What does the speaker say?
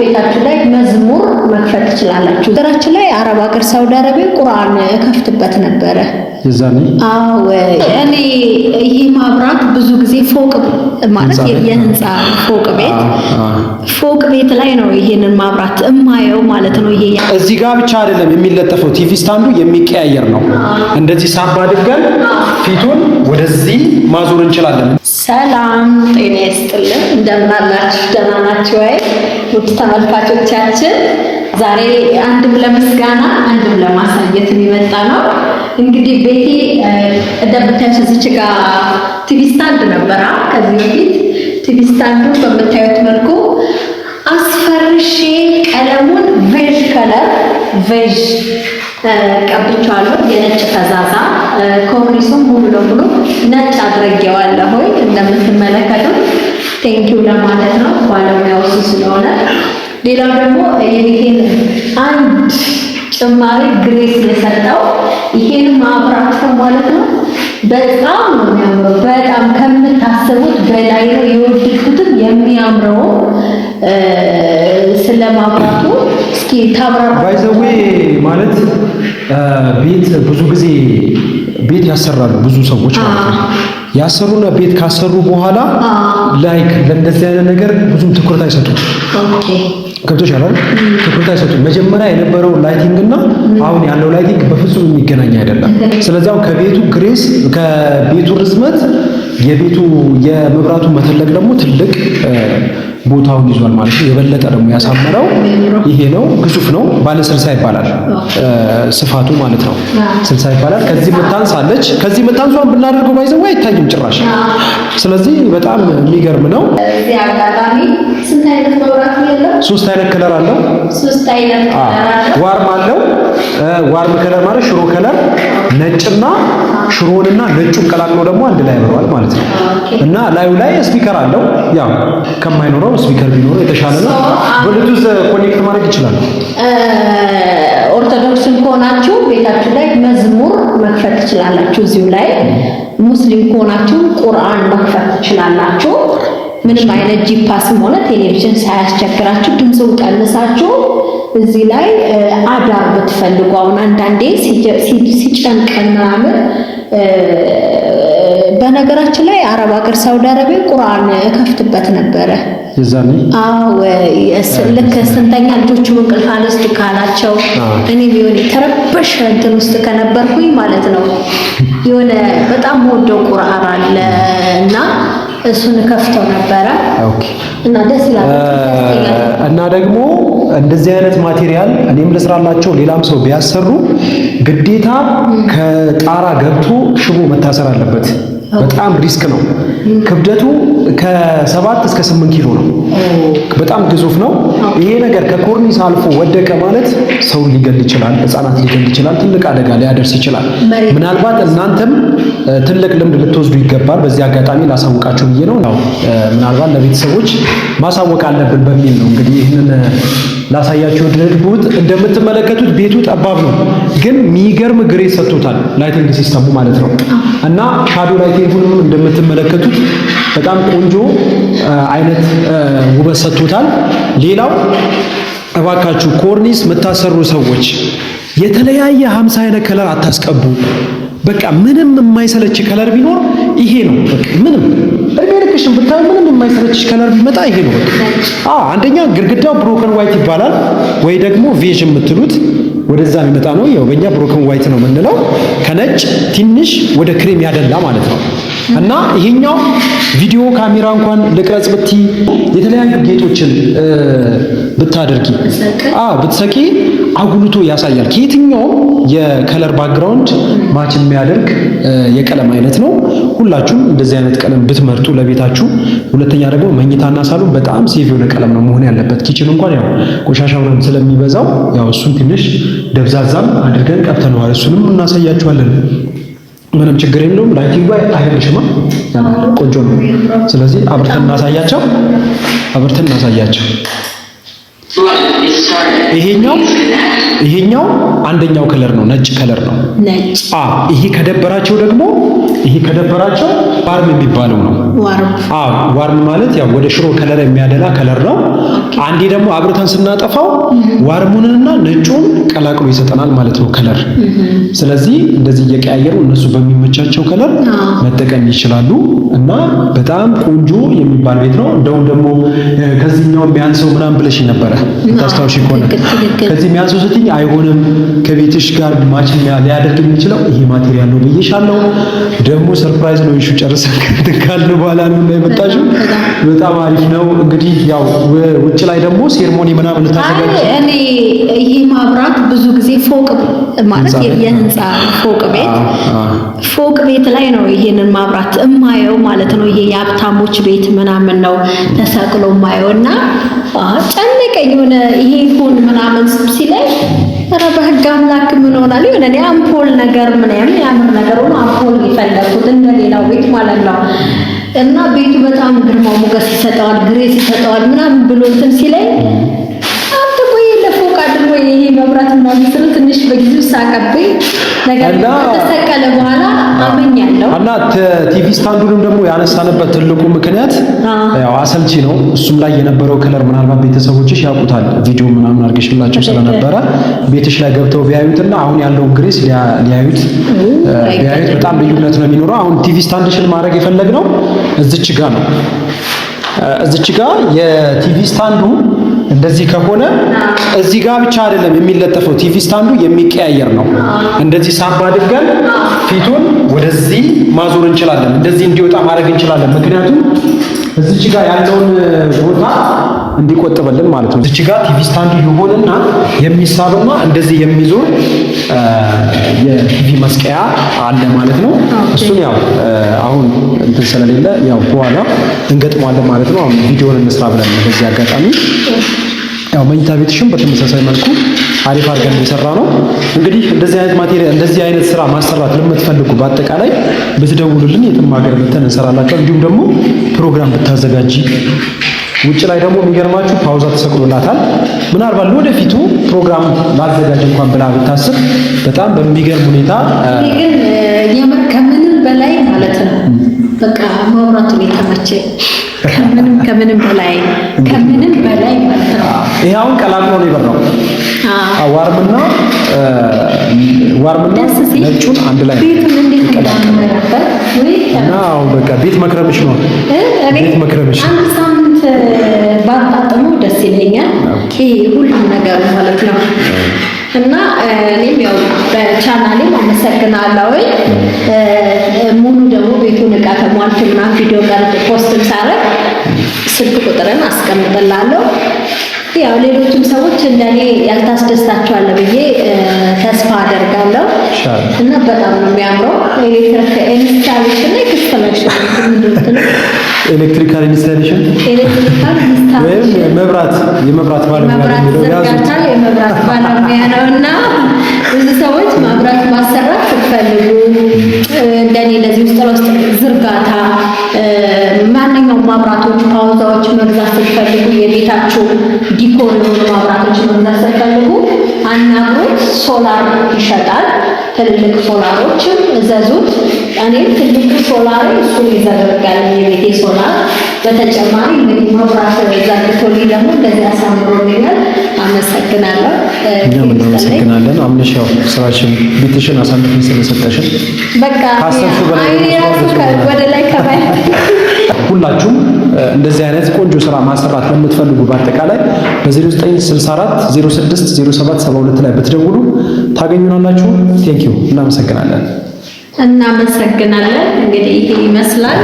ቤታችሁ ላይ መዝሙር መክፈት ትችላላችሁ። ሀገራችን ላይ አረብ ሀገር ሳውዲ አረቢያ ቁርአን እከፍትበት ነበረ። አዎ እኔ ይሄ ማብራት ብዙ ጊዜ ፎቅ ማለት የህንፃ ፎቅ ቤት ፎቅ ቤት ላይ ነው ይሄንን ማብራት እማየው ማለት ነው። ይሄ እዚህ ጋር ብቻ አይደለም የሚለጠፈው ቲቪ ስታንዱ የሚቀያየር ነው። እንደዚህ ሳባ አድርገን ፊቱን ወደዚህ ማዞር እንችላለን። ሰላም ጤና ይስጥልን። እንደምናላችሁ አላችሁ? ደህና ናችሁ ወይ? ውድ ተመልካቾቻችን ዛሬ አንድም ለምስጋና አንድም ለማሳየት የሚመጣ ነው። እንግዲህ ቤቴ እንደምታዩት እዚች ጋር ቲቪ ስታንድ ነበራ ከዚህ በፊት ቲቪ ስታንዱ በምታዩት መልኩ አስፈርሼ ቀለሙን ቬዥ ከለር ቬዥ ቀብቻለሁ የነጭ ነጭ አድርጌዋለሁ እንደምትመለከተው ቴንኪው ለማለት ነው ባለሙያው እሱ ስለሆነ። ሌላው ደግሞ ይሄን አንድ ጭማሪ ግሬስ የሰጠው ይሄን ማብራት ማለት ነው። በጣም ነው የሚያምረው። በጣም ከምታስቡት በላይ ነው። የወደድኩትም የሚያምረው ስለማብራቱ እስኪ ታብራ ባይዘዌ ማለት ቤት ብዙ ጊዜ ቤት ያሰራሉ ብዙ ሰዎች ማለት ነው። ያሰሩና ቤት ካሰሩ በኋላ ላይክ ለእንደዚህ አይነት ነገር ብዙ ትኩረት አይሰጡም። ከብቶች አላል ትኩረት አይሰጡም። መጀመሪያ የነበረው ላይቲንግ እና አሁን ያለው ላይቲንግ በፍጹም የሚገናኝ አይደለም። ስለዚህ አሁን ከቤቱ ግሬስ ከቤቱ ርዝመት የቤቱ የመብራቱ መተለቅ ደግሞ ትልቅ ቦታውን ይዟል ማለት ነው። የበለጠ ደግሞ ያሳመረው ይሄ ነው። ግዙፍ ነው፣ ባለ ስልሳ ይባላል ስፋቱ ማለት ነው። ስልሳ ይባላል። ከዚህ መታንስ አለች። ከዚህ መታንሷን ብናደርገው ባይዘው አይታይም ጭራሽ። ስለዚህ በጣም የሚገርም ነው። ሶስት አይነት ከለር አለው። ዋርም አለው። ዋርም ከለር ማለት ሽሮ ከለር ነጭና ሽሮንና ነጩን ቀላቅሎ ደግሞ አንድ ላይ ያበራዋል ማለት ነው እና ላዩ ላይ ስፒከር አለው ያው ከማይኖረው ስፒከር ቢኖረው የተሻለ ነው። ብሉቱዝ ኮኔክት ማድረግ ይችላል። ኦርቶዶክስም ከሆናችሁ ቤታችሁ ላይ መዝሙር መክፈት ትችላላችሁ። እዚሁ ላይ ሙስሊም ከሆናችሁ ቁርአን መክፈት ትችላላችሁ። ምንም አይነት ጂፓስም ሆነ ቴሌቪዥን ሳያስቸግራችሁ ድምፁን ቀንሳችሁ እዚህ ላይ አዳር ብትፈልጉ አሁን አንዳንዴ ሲጨንቀን ምናምን በነገራችን ላይ አረብ ሀገር ሳውዲ አረቢያ ቁርአን እከፍትበት ነበረ። አዎ፣ ልክ ስንተኛ ልጆቹ እንቅልፍ አልወስድ ካላቸው እኔ ቢሆን የተረበሸ እንትን ውስጥ ከነበርኩኝ ማለት ነው የሆነ በጣም ወደው ቁርአን አለ እና እሱን ከፍተው ነበረ እና ደስ ይላል። እና ደግሞ እንደዚህ አይነት ማቴሪያል እኔም ልስራላቸው ሌላም ሰው ቢያሰሩ ግዴታ ከጣራ ገብቶ ሽቦ መታሰር አለበት። በጣም ሪስክ ነው። ክብደቱ ከሰባት እስከ ስምንት ኪሎ ነው። በጣም ግዙፍ ነው። ይሄ ነገር ከኮርኒስ አልፎ ወደቀ ማለት ሰው ሊገል ይችላል፣ ህጻናት ሊገል ይችላል፣ ትልቅ አደጋ ሊያደርስ ይችላል። ምናልባት እናንተም ትልቅ ልምድ ልትወስዱ ይገባል። በዚህ አጋጣሚ ላሳውቃችሁ ብዬ ነው። ምናልባት ለቤተሰቦች ማሳወቅ አለብን በሚል ነው እንግዲህ ይህንን ላሳያችሁ ድርጉት። እንደምትመለከቱት ቤቱ ጠባብ ነው፣ ግን ሚገርም ግሬ ሰጥቶታል ላይቲንግ ሲስተሙ ማለት ነው። እና ሻዶ ላይቲንጉንም እንደምትመለከቱት በጣም ቆንጆ አይነት ውበት ሰጥቶታል። ሌላው እባካችሁ ኮርኒስ የምታሰሩ ሰዎች የተለያየ ሀምሳ አይነት ከለር አታስቀቡ። በቃ ምንም የማይሰለች ከለር ቢኖር ይሄ ነው። በቃ ምንም እድሜ ልክሽን ብታይ ምንም የማይሰለች ከለር ቢመጣ ይሄ ነው። በቃ አንደኛ ግድግዳው ብሮከን ዋይት ይባላል ወይ ደግሞ ቬዥ የምትሉት ወደዛ የሚመጣ ነው። ያው በእኛ ብሮከን ዋይት ነው የምንለው ከነጭ ትንሽ ወደ ክሬም ያደላ ማለት ነው። እና ይሄኛው ቪዲዮ ካሜራ እንኳን ልቅረጽ ብቲ የተለያዩ ጌጦችን ብታደርጊ አዎ ብትሰቂ አጉልቶ ያሳያል። ከየትኛውም የከለር ባክግራውንድ ማች የሚያደርግ የቀለም አይነት ነው። ሁላችሁም እንደዚህ አይነት ቀለም ብትመርጡ ለቤታችሁ። ሁለተኛ ደግሞ መኝታና ሳሎን በጣም ሴፍ የሆነ ቀለም ነው መሆን ያለበት። ኪችን እንኳን ያው ቆሻሻውን ስለሚበዛው ያው እሱን ትንሽ ደብዛዛም አድርገን ቀብተነዋል። እሱንም እናሳያችኋለን። ምንም ችግር የለውም። ላይቲንግ አይረብሽማ፣ ቆንጆ ነው። ስለዚህ አብርተን እናሳያቸው፣ አብርተን እናሳያቸው። ይሄኛው ይሄኛው አንደኛው ከለር ነው፣ ነጭ ከለር ነው። ነጭ አ ይሄ ከደበራቸው ደግሞ ይሄ ከደበራቸው ዋርም የሚባለው ነው። ዋርም አ ዋርም ማለት ያው ወደ ሽሮ ከለር የሚያደላ ከለር ነው። አንዴ ደግሞ አብርተን ስናጠፋው ዋርሙንና ነጩን ቀላቅሎ ይሰጠናል ማለት ነው ከለር። ስለዚህ እንደዚህ እየቀያየሩ እነሱ በሚመቻቸው ከለር መጠቀም ይችላሉ እና በጣም ቆንጆ የሚባል ቤት ነው። እንደውም ደግሞ ከዚህኛው የሚያንሰው ምናምን ብለሽ ነበረ ታስታውሽ ከሆነ ከዚህ የሚያስወስትኝ አይሆንም። ከቤትሽ ጋር ማች ሊያደርግ የሚችለው ይሄ ማቴሪያል ነው ብዬሻለሁ። ደግሞ ሰርፕራይዝ ነው ይሹ ጨርሰን ከትካል በኋላ ነው የመጣሽው። በጣም አሪፍ ነው። እንግዲህ ያው ውጭ ላይ ደግሞ ሴርሞኒ ምናምን ልታዘጋጅ እኔ ይሄ ማብራት ብዙ ጊዜ ፎቅ ማለት የህንፃ ፎቅ ቤት ፎቅ ቤት ላይ ነው ይሄንን ማብራት እማየው ማለት ነው። ይሄ የሀብታሞች ቤት ምናምን ነው ተሰቅሎ እማየው እና ጨነቀኝ የሆነ ይሄ ይሁን ምናምን ሲለኝ ኧረ በህግ አምላክ ምን ሆናል? ይሁን እኔ አምፖል ነገር ምንም ያምር ነገር ሆኖ አምፖል የፈለኩት እንደሌላው ቤት ማለት ነው። እና ቤቱ በጣም ግርማ ሞገስ ይሰጠዋል፣ ግሬስ ይሰጠዋል ምናምን ብሎትን ሲለኝ ይሄ መብራት ምናምን ስለ ትንሽ በጊዜው ሳቀብኝ ነገር ከተሰቀለ በኋላ አመኛለሁ እና ቲቪ ስታንዱንም ደግሞ ያነሳንበት ትልቁ ምክንያት ያው አሰልቺ ነው። እሱም ላይ የነበረው ከለር ምናልባት ቤተሰቦችሽ ያውቁታል፣ ቪዲዮ ምናምን አድርገሽላቸው ስለነበረ ቤትሽ ላይ ገብተው ቢያዩትና አሁን ያለውን ግሬስ ሊያዩት ቢያዩት በጣም ልዩነት ነው የሚኖረው። አሁን ቲቪ ስታንድሽን ማድረግ የፈለግነው እዚች ጋ ነው። እዚች ጋ የቲቪ ስታንዱ እንደዚህ ከሆነ እዚህ ጋር ብቻ አይደለም የሚለጠፈው፣ ቲቪ ስታንዱ የሚቀያየር ነው። እንደዚህ ሳብ አድርገን ፊቱን ወደዚህ ማዞር እንችላለን። እንደዚህ እንዲወጣ ማድረግ እንችላለን። ምክንያቱም እዚች ጋር ያለውን ቦታ እንዲቆጥብልን ማለት ነው። እዚህ ጋር ቲቪ ስታንድ ይሆንና የሚሳብና እንደዚህ የሚዞር የቲቪ መስቀያ አለ ማለት ነው። እሱን ያው አሁን እንትን ስለሌለ ያው በኋላ እንገጥመዋለን ማለት ነው። አሁን ቪዲዮውን እንስራ ብለን በዚህ አጋጣሚ ያው መኝታ ቤትሽም በተመሳሳይ መልኩ አሪፍ አድርገን እየሰራ ነው። እንግዲህ እንደዚህ አይነት ማቴሪያል እንደዚህ አይነት ስራ ማሰራት ለምትፈልጉ በአጠቃላይ ብትደውሉልን የትም ሀገር መተን እንዲሁም ደግሞ ፕሮግራም ብታዘጋጂ ውጭ ላይ ደግሞ የሚገርማችሁ ፓውዛ ተሰቅሎላታል። ምናልባት ለወደፊቱ ፕሮግራም ማዘጋጅ እንኳን ብላ ብታስብ በጣም በሚገርም ሁኔታ ግን ከምንም በላይ ማለት ነው በቃ ማውራቱ የተመቸ ከምንም ከምንም በላይ ከምንም በላይ ማለት ነው። ይሄ አሁን ቀላቅሎ ነው የበራው። ዋርምና ዋርምና ነጩን አንድ ላይ እና አሁን በቃ ቤት መክረምሽ ነው ቤት መክረምሽ አንድ በደንብ ባጣጥሙ ደስ ይለኛል። ይሄ ሁሉም ነገር ማለት ነው እና እኔም ያው በቻናሌ አመሰግናለሁ። ሙሉ ደግሞ ቤቱን ተሟልቶ ተሟልትና ቪዲዮ ጋር ፖስትም ሳረግ ስልክ ቁጥርን አስቀምጥላለሁ። ያው ሌሎችም ሰዎች እንደኔ ያልታስደስታቸዋል ብዬ ተስፋ አደርጋለሁ እና በጣም ነው የሚያምረው። ኤሌክትሪክ ኢንስታሌሽን ላይ ክስተመሽ ኤሌክትሪካል ኢንስታሌሽን ኤሌክትሪካል ኢንስታሌሽን መብራት የመብራት ባለሙያ ነው ያዙት የመብራት ባለሙያ ነው እና ብዙ ሰዎች መብራት ማሰራት ስትፈልጉ እንደኔ ለዚህ ውስጥ ለውስጥ ዝርጋታ ማንኛውም ማብራቶች፣ ፓውዛዎች መግዛት ስትፈልጉ የቤታችሁ ዲኮር የሆኑ ማብራቶች መግዛት ስትፈልጉ አናግሮት። ሶላር ይሸጣል። ትልልቅ ሶላሮችም እዘዙት። እኔም ትልቅ ሶላር እሱ ይዘረጋል የቤቴ ሶላር። በተጨማሪ እንግዲህ መብራት ዘርግቶልኝ ደግሞ እንደዚህ አሳምሮ አመሰግናለሁ። እኛም እናመሰግናለን። አምነሽ ያው ቤትሽን አሳልፈን ስለሰጠሽን ሁላችሁም እንደዚህ አይነት ቆንጆ ስራ ማሰራት ለምትፈልጉ በአጠቃላይ በ0964 06 ላይ ብትደውሉ ታገኙናላችሁ። እናመሰግናለን። እናመሰግናለን። እንግዲህ ይሄ ይመስላል።